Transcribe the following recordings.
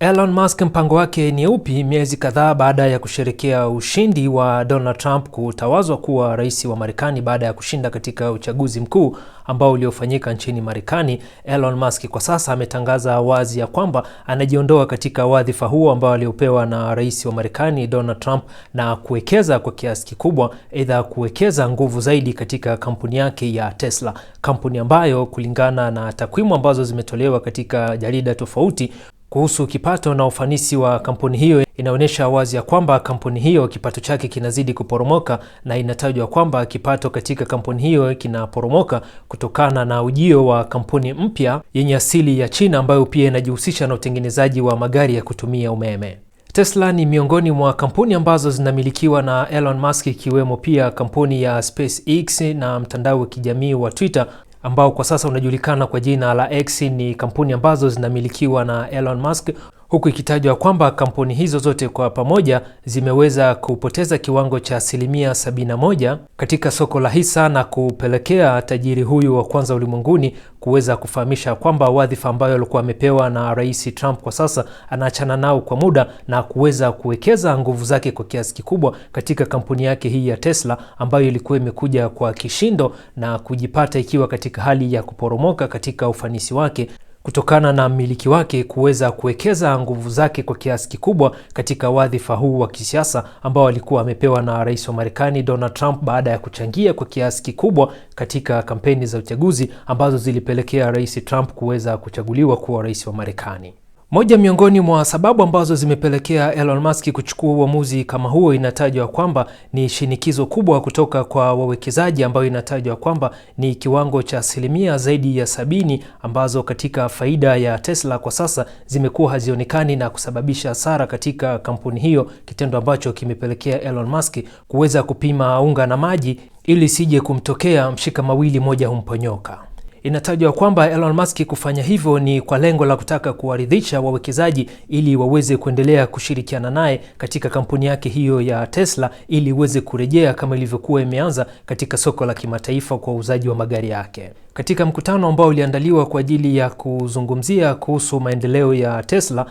Elon Musk mpango wake ni upi? Miezi kadhaa baada ya kusherekea ushindi wa Donald Trump kutawazwa kuwa rais wa Marekani baada ya kushinda katika uchaguzi mkuu ambao uliofanyika nchini Marekani, Elon Musk kwa sasa ametangaza wazi ya kwamba anajiondoa katika wadhifa huo ambao aliopewa na rais wa Marekani Donald Trump na kuwekeza kwa kiasi kikubwa, aidha kuwekeza nguvu zaidi katika kampuni yake ya Tesla, kampuni ambayo kulingana na takwimu ambazo zimetolewa katika jarida tofauti kuhusu kipato na ufanisi wa kampuni hiyo inaonyesha wazi ya kwamba kampuni hiyo kipato chake kinazidi kuporomoka na inatajwa kwamba kipato katika kampuni hiyo kinaporomoka kutokana na ujio wa kampuni mpya yenye asili ya China ambayo pia inajihusisha na utengenezaji wa magari ya kutumia umeme. Tesla ni miongoni mwa kampuni ambazo zinamilikiwa na Elon Musk ikiwemo pia kampuni ya SpaceX na mtandao wa kijamii wa Twitter ambao kwa sasa unajulikana kwa jina la X ni kampuni ambazo zinamilikiwa na Elon Musk huku ikitajwa kwamba kampuni hizo zote kwa pamoja zimeweza kupoteza kiwango cha asilimia 71 katika soko la hisa na kupelekea tajiri huyu wa kwanza ulimwenguni kuweza kufahamisha kwamba wadhifa ambayo alikuwa amepewa na Rais Trump kwa sasa anaachana nao kwa muda na kuweza kuwekeza nguvu zake kwa kiasi kikubwa katika kampuni yake hii ya Tesla ambayo ilikuwa imekuja kwa kishindo na kujipata ikiwa katika hali ya kuporomoka katika ufanisi wake kutokana na mmiliki wake kuweza kuwekeza nguvu zake kwa kiasi kikubwa katika wadhifa huu wa kisiasa ambao alikuwa amepewa na rais wa Marekani Donald Trump baada ya kuchangia kwa kiasi kikubwa katika kampeni za uchaguzi ambazo zilipelekea rais Trump kuweza kuchaguliwa kuwa rais wa Marekani. Moja miongoni mwa sababu ambazo zimepelekea Elon Musk kuchukua uamuzi kama huo inatajwa kwamba ni shinikizo kubwa kutoka kwa wawekezaji, ambayo inatajwa kwamba ni kiwango cha asilimia zaidi ya sabini ambazo katika faida ya Tesla kwa sasa zimekuwa hazionekani na kusababisha hasara katika kampuni hiyo, kitendo ambacho kimepelekea Elon Musk kuweza kupima unga na maji ili sije kumtokea mshika mawili moja humponyoka. Inatajwa kwamba Elon Musk kufanya hivyo ni kwa lengo la kutaka kuwaridhisha wawekezaji ili waweze kuendelea kushirikiana naye katika kampuni yake hiyo ya Tesla ili iweze kurejea kama ilivyokuwa imeanza katika soko la kimataifa kwa uuzaji wa magari yake. Katika mkutano ambao uliandaliwa kwa ajili ya kuzungumzia kuhusu maendeleo ya Tesla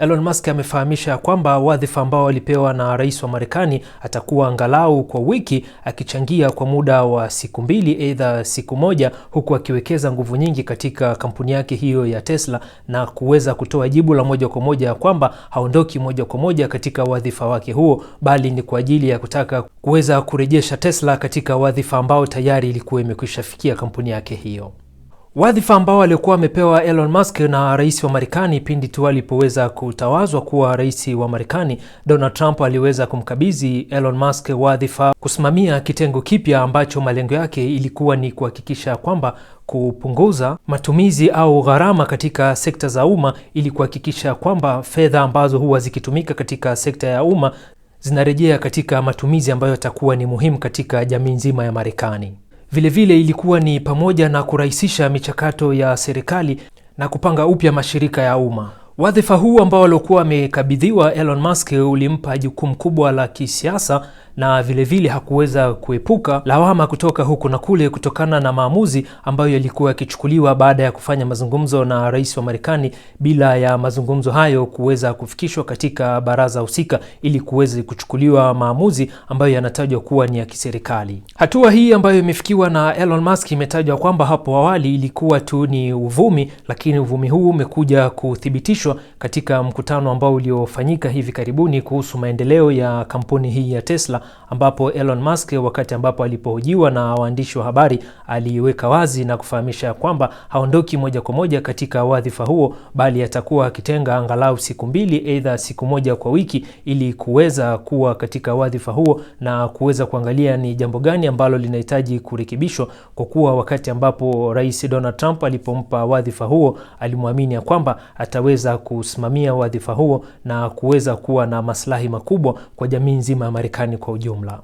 Elon Musk amefahamisha kwamba wadhifa ambao alipewa na rais wa Marekani atakuwa angalau kwa wiki akichangia kwa muda wa siku mbili aidha siku moja, huku akiwekeza nguvu nyingi katika kampuni yake hiyo ya Tesla na kuweza kutoa jibu la moja kwa moja kwamba haondoki moja kwa moja katika wadhifa wake huo, bali ni kwa ajili ya kutaka kuweza kurejesha Tesla katika wadhifa ambao tayari ilikuwa imekwishafikia kampuni yake hiyo. Wadhifa ambao alikuwa amepewa Elon Musk na rais wa Marekani pindi tu alipoweza kutawazwa kuwa rais wa Marekani, Donald Trump aliweza kumkabidhi Elon Musk wadhifa kusimamia kitengo kipya ambacho malengo yake ilikuwa ni kuhakikisha kwamba kupunguza matumizi au gharama katika sekta za umma ili kuhakikisha kwamba fedha ambazo huwa zikitumika katika sekta ya umma zinarejea katika matumizi ambayo yatakuwa ni muhimu katika jamii nzima ya Marekani. Vilevile vile ilikuwa ni pamoja na kurahisisha michakato ya serikali na kupanga upya mashirika ya umma. Wadhifa huu ambao aliokuwa amekabidhiwa Elon Musk ulimpa jukumu kubwa la kisiasa na vilevile vile hakuweza kuepuka lawama kutoka huku na kule kutokana na maamuzi ambayo yalikuwa yakichukuliwa baada ya kufanya mazungumzo na rais wa Marekani bila ya mazungumzo hayo kuweza kufikishwa katika baraza husika ili kuweza kuchukuliwa maamuzi ambayo yanatajwa kuwa ni ya kiserikali. Hatua hii ambayo imefikiwa na Elon Musk imetajwa kwamba hapo awali ilikuwa tu ni uvumi, lakini uvumi huu umekuja kuthibitishwa kuwasilishwa katika mkutano ambao uliofanyika hivi karibuni kuhusu maendeleo ya kampuni hii ya Tesla, ambapo Elon Musk wakati ambapo alipohojiwa na waandishi wa habari aliweka wazi na kufahamisha kwamba haondoki moja kwa moja katika wadhifa huo, bali atakuwa akitenga angalau siku mbili, aidha siku moja kwa wiki, ili kuweza kuwa katika wadhifa huo na kuweza kuangalia ni jambo gani ambalo linahitaji kurekebishwa, kwa kuwa wakati ambapo Rais Donald Trump alipompa wadhifa huo alimwamini ya kwamba ataweza kusimamia wadhifa huo na kuweza kuwa na maslahi makubwa kwa jamii nzima ya Marekani kwa ujumla.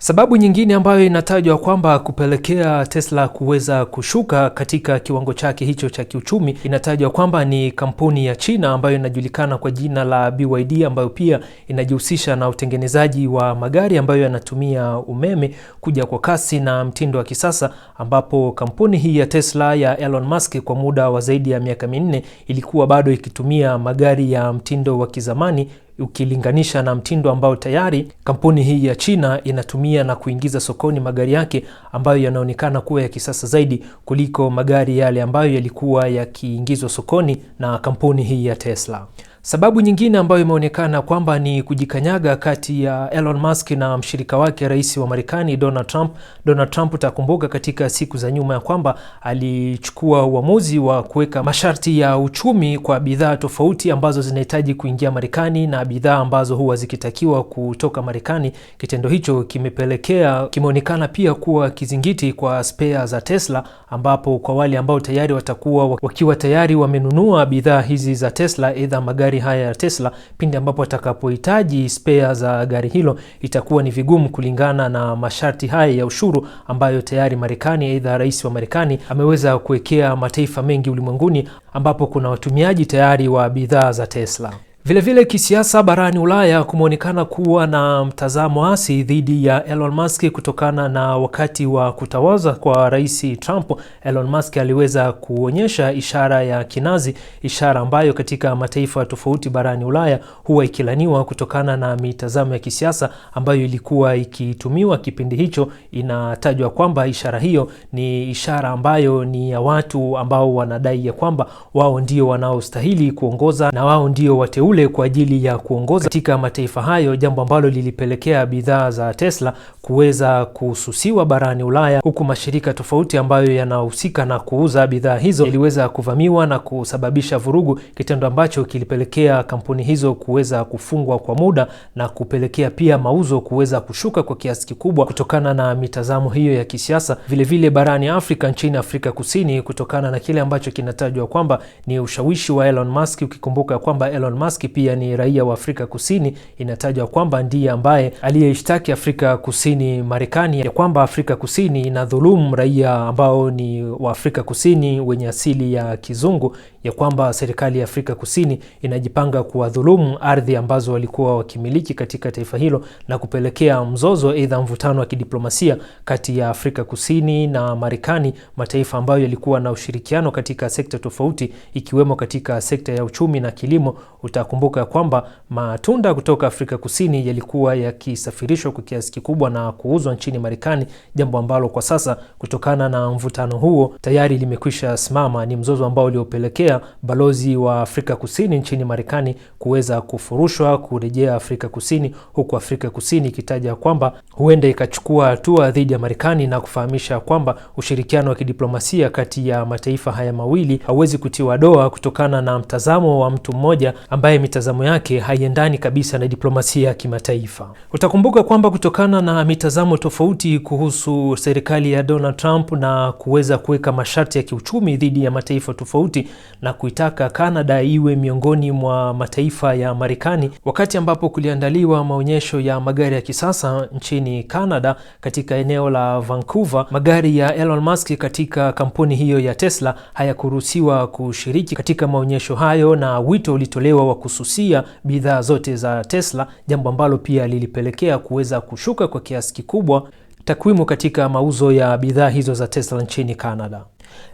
Sababu nyingine ambayo inatajwa kwamba kupelekea Tesla kuweza kushuka katika kiwango chake hicho cha kiuchumi inatajwa kwamba ni kampuni ya China ambayo inajulikana kwa jina la BYD ambayo pia inajihusisha na utengenezaji wa magari ambayo yanatumia umeme kuja kwa kasi na mtindo wa kisasa, ambapo kampuni hii ya Tesla ya Elon Musk kwa muda wa zaidi ya miaka minne ilikuwa bado ikitumia magari ya mtindo wa kizamani ukilinganisha na mtindo ambao tayari kampuni hii ya China inatumia na kuingiza sokoni magari yake ambayo yanaonekana kuwa ya kisasa zaidi kuliko magari yale ambayo yalikuwa yakiingizwa sokoni na kampuni hii ya Tesla. Sababu nyingine ambayo imeonekana kwamba ni kujikanyaga kati ya Elon Musk na mshirika wake rais wa Marekani Donald Trump. Donald Trump utakumbuka katika siku za nyuma ya kwamba alichukua uamuzi wa kuweka masharti ya uchumi kwa bidhaa tofauti ambazo zinahitaji kuingia Marekani na bidhaa ambazo huwa zikitakiwa kutoka Marekani. Kitendo hicho kimepelekea, kimeonekana pia kuwa kizingiti kwa spea za Tesla, ambapo kwa wale ambao tayari watakuwa wakiwa tayari wamenunua bidhaa hizi za Tesla, aidha magari magari haya ya Tesla pindi ambapo atakapohitaji spea za gari hilo itakuwa ni vigumu kulingana na masharti haya ya ushuru ambayo tayari Marekani, aidha rais wa Marekani ameweza kuwekea mataifa mengi ulimwenguni ambapo kuna watumiaji tayari wa bidhaa za Tesla. Vilevile kisiasa, barani Ulaya kumeonekana kuwa na mtazamo hasi dhidi ya Elon Musk kutokana na wakati wa kutawaza kwa Rais Trump. Elon Musk aliweza kuonyesha ishara ya kinazi, ishara ambayo katika mataifa tofauti barani Ulaya huwa ikilaniwa kutokana na mitazamo ya kisiasa ambayo ilikuwa ikitumiwa kipindi hicho. Inatajwa kwamba ishara hiyo ni ishara ambayo ni ya watu ambao wanadai ya kwamba wao ndio wanaostahili kuongoza na wao ndio wateule kule kwa ajili ya kuongoza katika mataifa hayo, jambo ambalo lilipelekea bidhaa za Tesla kuweza kususiwa barani Ulaya, huku mashirika tofauti ambayo yanahusika na kuuza bidhaa hizo yaliweza kuvamiwa na kusababisha vurugu, kitendo ambacho kilipelekea kampuni hizo kuweza kufungwa kwa muda na kupelekea pia mauzo kuweza kushuka kwa kiasi kikubwa kutokana na mitazamo hiyo ya kisiasa. Vilevile vile barani Afrika, nchini Afrika Kusini, kutokana na kile ambacho kinatajwa kwamba ni ushawishi wa Elon Musk, ukikumbuka kwamba Elon Musk aliyeshtaki pia ni raia wa Afrika Kusini. Inatajwa kwamba ndiye ambaye aliyeshtaki Afrika Kusini Marekani ya kwamba Afrika Kusini inadhulumu raia ambao ni wa Afrika Kusini wenye asili ya kizungu, ya kwamba serikali ya Afrika Kusini inajipanga kuwadhulumu ardhi ambazo walikuwa wakimiliki katika taifa hilo na kupelekea mzozo, aidha mvutano wa kidiplomasia kati ya Afrika Kusini na Marekani, mataifa ambayo yalikuwa na ushirikiano katika sekta tofauti ikiwemo katika sekta ya uchumi na kilimo uta Kumbuka kwamba matunda kutoka Afrika Kusini yalikuwa yakisafirishwa kwa kiasi kikubwa na kuuzwa nchini Marekani, jambo ambalo kwa sasa kutokana na mvutano huo tayari limekwisha simama. Ni mzozo ambao uliopelekea balozi wa Afrika Kusini nchini Marekani kuweza kufurushwa kurejea Afrika Kusini, huku Afrika Kusini ikitaja kwamba huenda ikachukua hatua dhidi ya Marekani na kufahamisha kwamba ushirikiano wa kidiplomasia kati ya mataifa haya mawili hauwezi kutiwa doa kutokana na mtazamo wa mtu mmoja ambaye ambaye mitazamo yake haiendani kabisa na diplomasia ya kimataifa. Utakumbuka kwamba kutokana na mitazamo tofauti kuhusu serikali ya Donald Trump na kuweza kuweka masharti ya kiuchumi dhidi ya mataifa tofauti na kuitaka Kanada iwe miongoni mwa mataifa ya Marekani, wakati ambapo kuliandaliwa maonyesho ya magari ya kisasa nchini Kanada katika eneo la Vancouver, magari ya Elon Musk katika kampuni hiyo ya Tesla hayakuruhusiwa kushiriki katika maonyesho hayo na wito ulitolewa wa kususia bidhaa zote za Tesla, jambo ambalo pia lilipelekea kuweza kushuka kwa kiasi kikubwa takwimu katika mauzo ya bidhaa hizo za Tesla nchini Canada.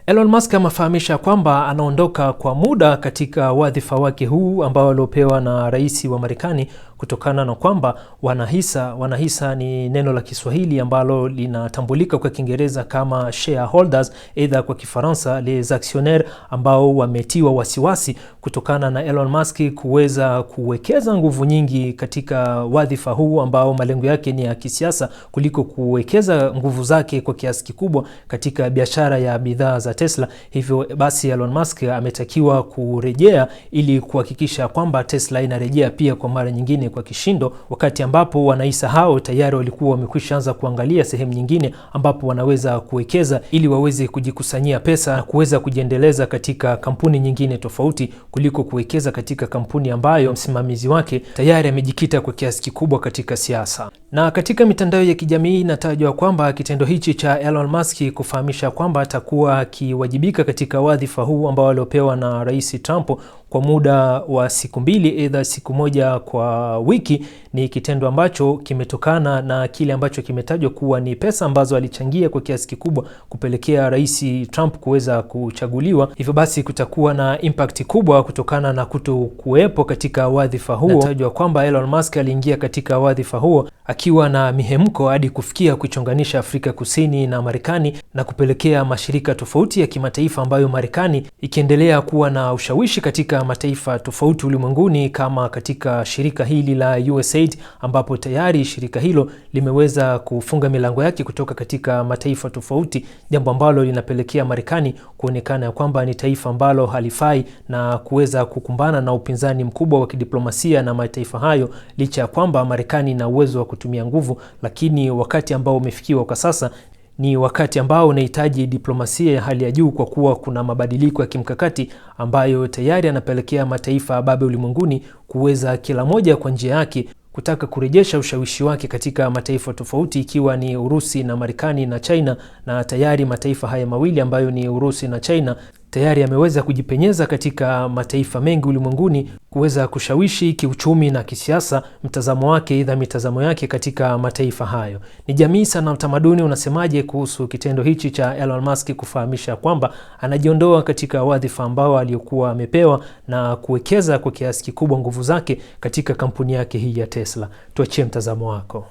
Elon Musk amefahamisha kwamba anaondoka kwa muda katika wadhifa wake huu ambao aliopewa na rais wa Marekani kutokana na kwamba wanahisa, wanahisa ni neno la Kiswahili ambalo linatambulika kwa Kiingereza kama shareholders, aidha kwa Kifaransa les actionnaires, ambao wametiwa wasiwasi kutokana na Elon Musk kuweza kuwekeza nguvu nyingi katika wadhifa huu ambao malengo yake ni ya kisiasa kuliko kuwekeza nguvu zake kwa kiasi kikubwa katika biashara ya bidhaa za Tesla. Hivyo basi Elon Musk ametakiwa kurejea ili kuhakikisha kwamba Tesla inarejea pia kwa mara nyingine nyingine kwa kishindo, wakati ambapo wanahisa hao tayari walikuwa wamekwisha anza kuangalia sehemu nyingine ambapo wanaweza kuwekeza ili waweze kujikusanyia pesa na kuweza kujiendeleza katika kampuni nyingine tofauti kuliko kuwekeza katika kampuni ambayo msimamizi wake tayari amejikita kwa kiasi kikubwa katika siasa. Na katika mitandao ya kijamii inatajwa kwamba kitendo hichi cha Elon Musk kufahamisha kwamba atakuwa akiwajibika katika wadhifa huu ambao aliopewa na Rais Trump kwa muda wa siku mbili, aidha siku moja kwa wiki, ni kitendo ambacho kimetokana na kile ambacho kimetajwa kuwa ni pesa ambazo alichangia kwa kiasi kikubwa kupelekea Rais Trump kuweza kuchaguliwa. Hivyo basi kutakuwa na impact kubwa kutokana na kuto kuwepo katika wadhifa huo. Natajwa kwamba Elon Musk aliingia katika wadhifa huo akiwa na mihemko hadi kufikia kuchonganisha Afrika Kusini na Marekani na kupelekea mashirika tofauti ya kimataifa ambayo Marekani ikiendelea kuwa na ushawishi katika mataifa tofauti ulimwenguni kama katika shirika hili la USAID ambapo tayari shirika hilo limeweza kufunga milango yake kutoka katika mataifa tofauti, jambo ambalo linapelekea Marekani kuonekana kwamba ni taifa ambalo halifai na kuweza kukumbana na upinzani mkubwa wa kidiplomasia na mataifa hayo, licha ya kwamba Marekani ina uwezo wa kutumia nguvu, lakini wakati ambao umefikiwa kwa sasa ni wakati ambao unahitaji diplomasia ya hali ya juu kwa kuwa kuna mabadiliko ya kimkakati ambayo tayari yanapelekea mataifa ya babe ulimwenguni kuweza kila moja kwa njia yake kutaka kurejesha ushawishi wake katika mataifa tofauti ikiwa ni Urusi na Marekani na China, na tayari mataifa haya mawili ambayo ni Urusi na China tayari ameweza kujipenyeza katika mataifa mengi ulimwenguni kuweza kushawishi kiuchumi na kisiasa mtazamo wake, idha mitazamo yake katika mataifa hayo. Ni jamii sana, utamaduni unasemaje kuhusu kitendo hichi cha Elon Musk kufahamisha kwamba anajiondoa katika wadhifa ambao aliyokuwa amepewa na kuwekeza kwa kiasi kikubwa nguvu zake katika kampuni yake hii ya Tesla? Tuachie mtazamo wako.